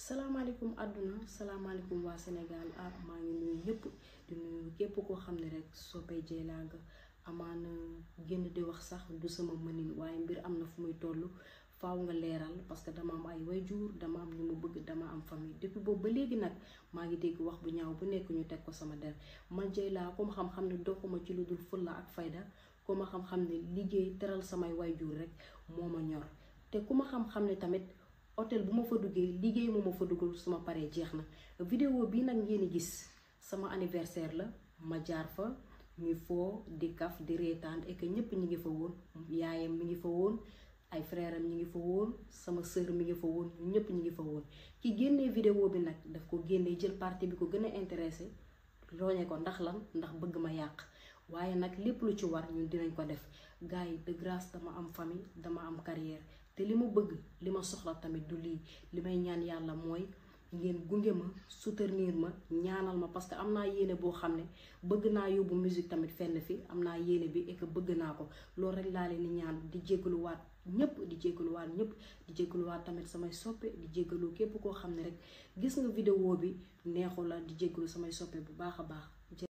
salaamaaleykum àdduna salaamaaleykum waa senegaal ah maa ngi nuyu yëpp di képp koo xam ne rek soppee Dieyla nga amaana génn di wax sax du sama mënin waaye mbir am na fu muy toll faaw nga leeral parce que dama am ay way jur dama am ñu ma bëgg dama am famille depuis boobu ba léegi nag maa ngi dégg wax bu ñaaw bu nekk ñu teg ko sama der man Dieyla comme xam-xam ne doxuma ci lu dul fulla ak fayda ko ma xam-xam ne liggéey teral samay wayjur rek moo ma ñor te ku ma xam-xam ne tamit. hôtel bu ma fa duggee liggéey moo ma fa duggul suma paree jeex na video bii nag ngeen di gis sama anniversaire la ma jaar fa ñuy foo di kaf di reetaan et que ñëpp ñi ngi fa woon yaayam mi ngi fa woon ay frère am ñi ngi fa woon sama sœur mi ngi fa woon ñëpp ñi ngi fa woon ki génnee vidéo bi nag daf ko génnee jël partie bi ko gën a intéressé roñe ko ndax lan ndax bëgg ma yàq waaye nag lépp lu ci war ñu dinañ ko def gars yi de grâce dama am famille dama am carrière te li mu bëgg li ma soxla tamit du lii li may ñaan yàlla mooy ngeen gunge ma soutenir ma ñaanal ma parce que am naa yéene boo xam ne bëgg naa yóbbu musique tamit fenn fi am naa yéene bi et bëgg naa ko loolu rek laa leen ñaan di jégaluwaat ñëpp di jégaluwaat ñëpp di jégaluwaat tamit samay soppe di jégalu képp koo xam ne rek gis nga vidéo bi neexu la di jégalu samay soppe bu baax a baax.